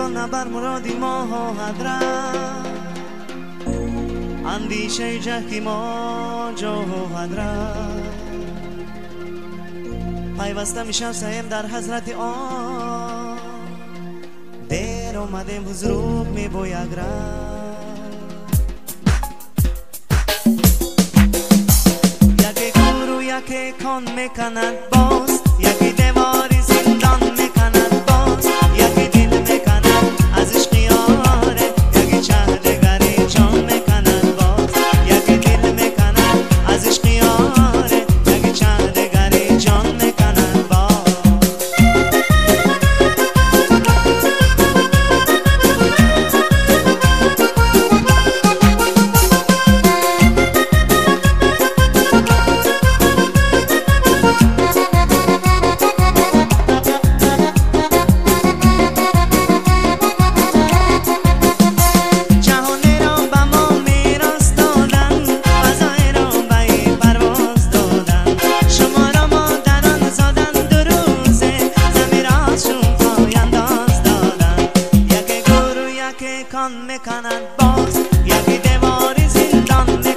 کنه بر مرادی ما ها اندیشه جهتی ما جا ها پیوسته میشم سعیم در حضرت آن دیر اومدیم حضروب میبوید یا که کن میکند باست के कान में कान बॉक्स या कि दीवार जिंदान में